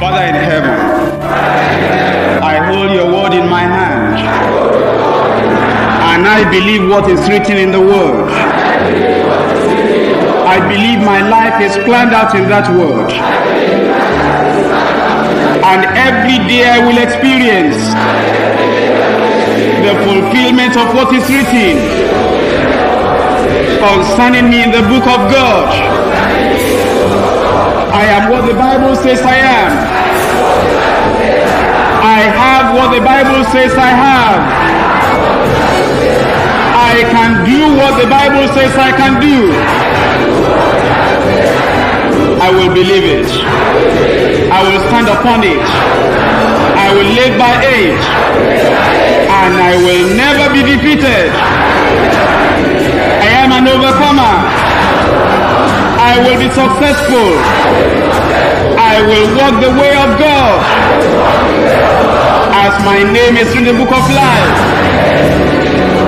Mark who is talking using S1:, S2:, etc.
S1: Father in heaven, I hold your word in my hand. And I believe what is written in the word. I believe my life is planned out in that word. And every day I will experience the fulfillment of what is written concerning me in the book of God. I am what the says I am. I have what the Bible says I have. I can do what the Bible says I can do. I will believe it. I will stand upon it. I will live by it. And I will never be defeated. I will be successful. I will walk the way of God. As my name is in the book of life.